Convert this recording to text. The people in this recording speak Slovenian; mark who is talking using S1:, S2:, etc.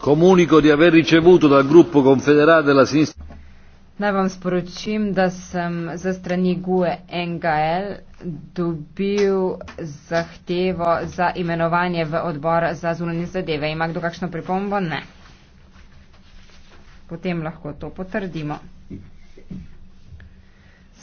S1: Comunico di aver ricevuto dal gruppo confederale della sinistra.
S2: Naj vam sporočim, da sem za strani GUE NGL dobil zahtevo za imenovanje v odbor za zunanje zadeve. Ima kdo kakšno pripombo? Ne. Potem lahko to potrdimo. Hm.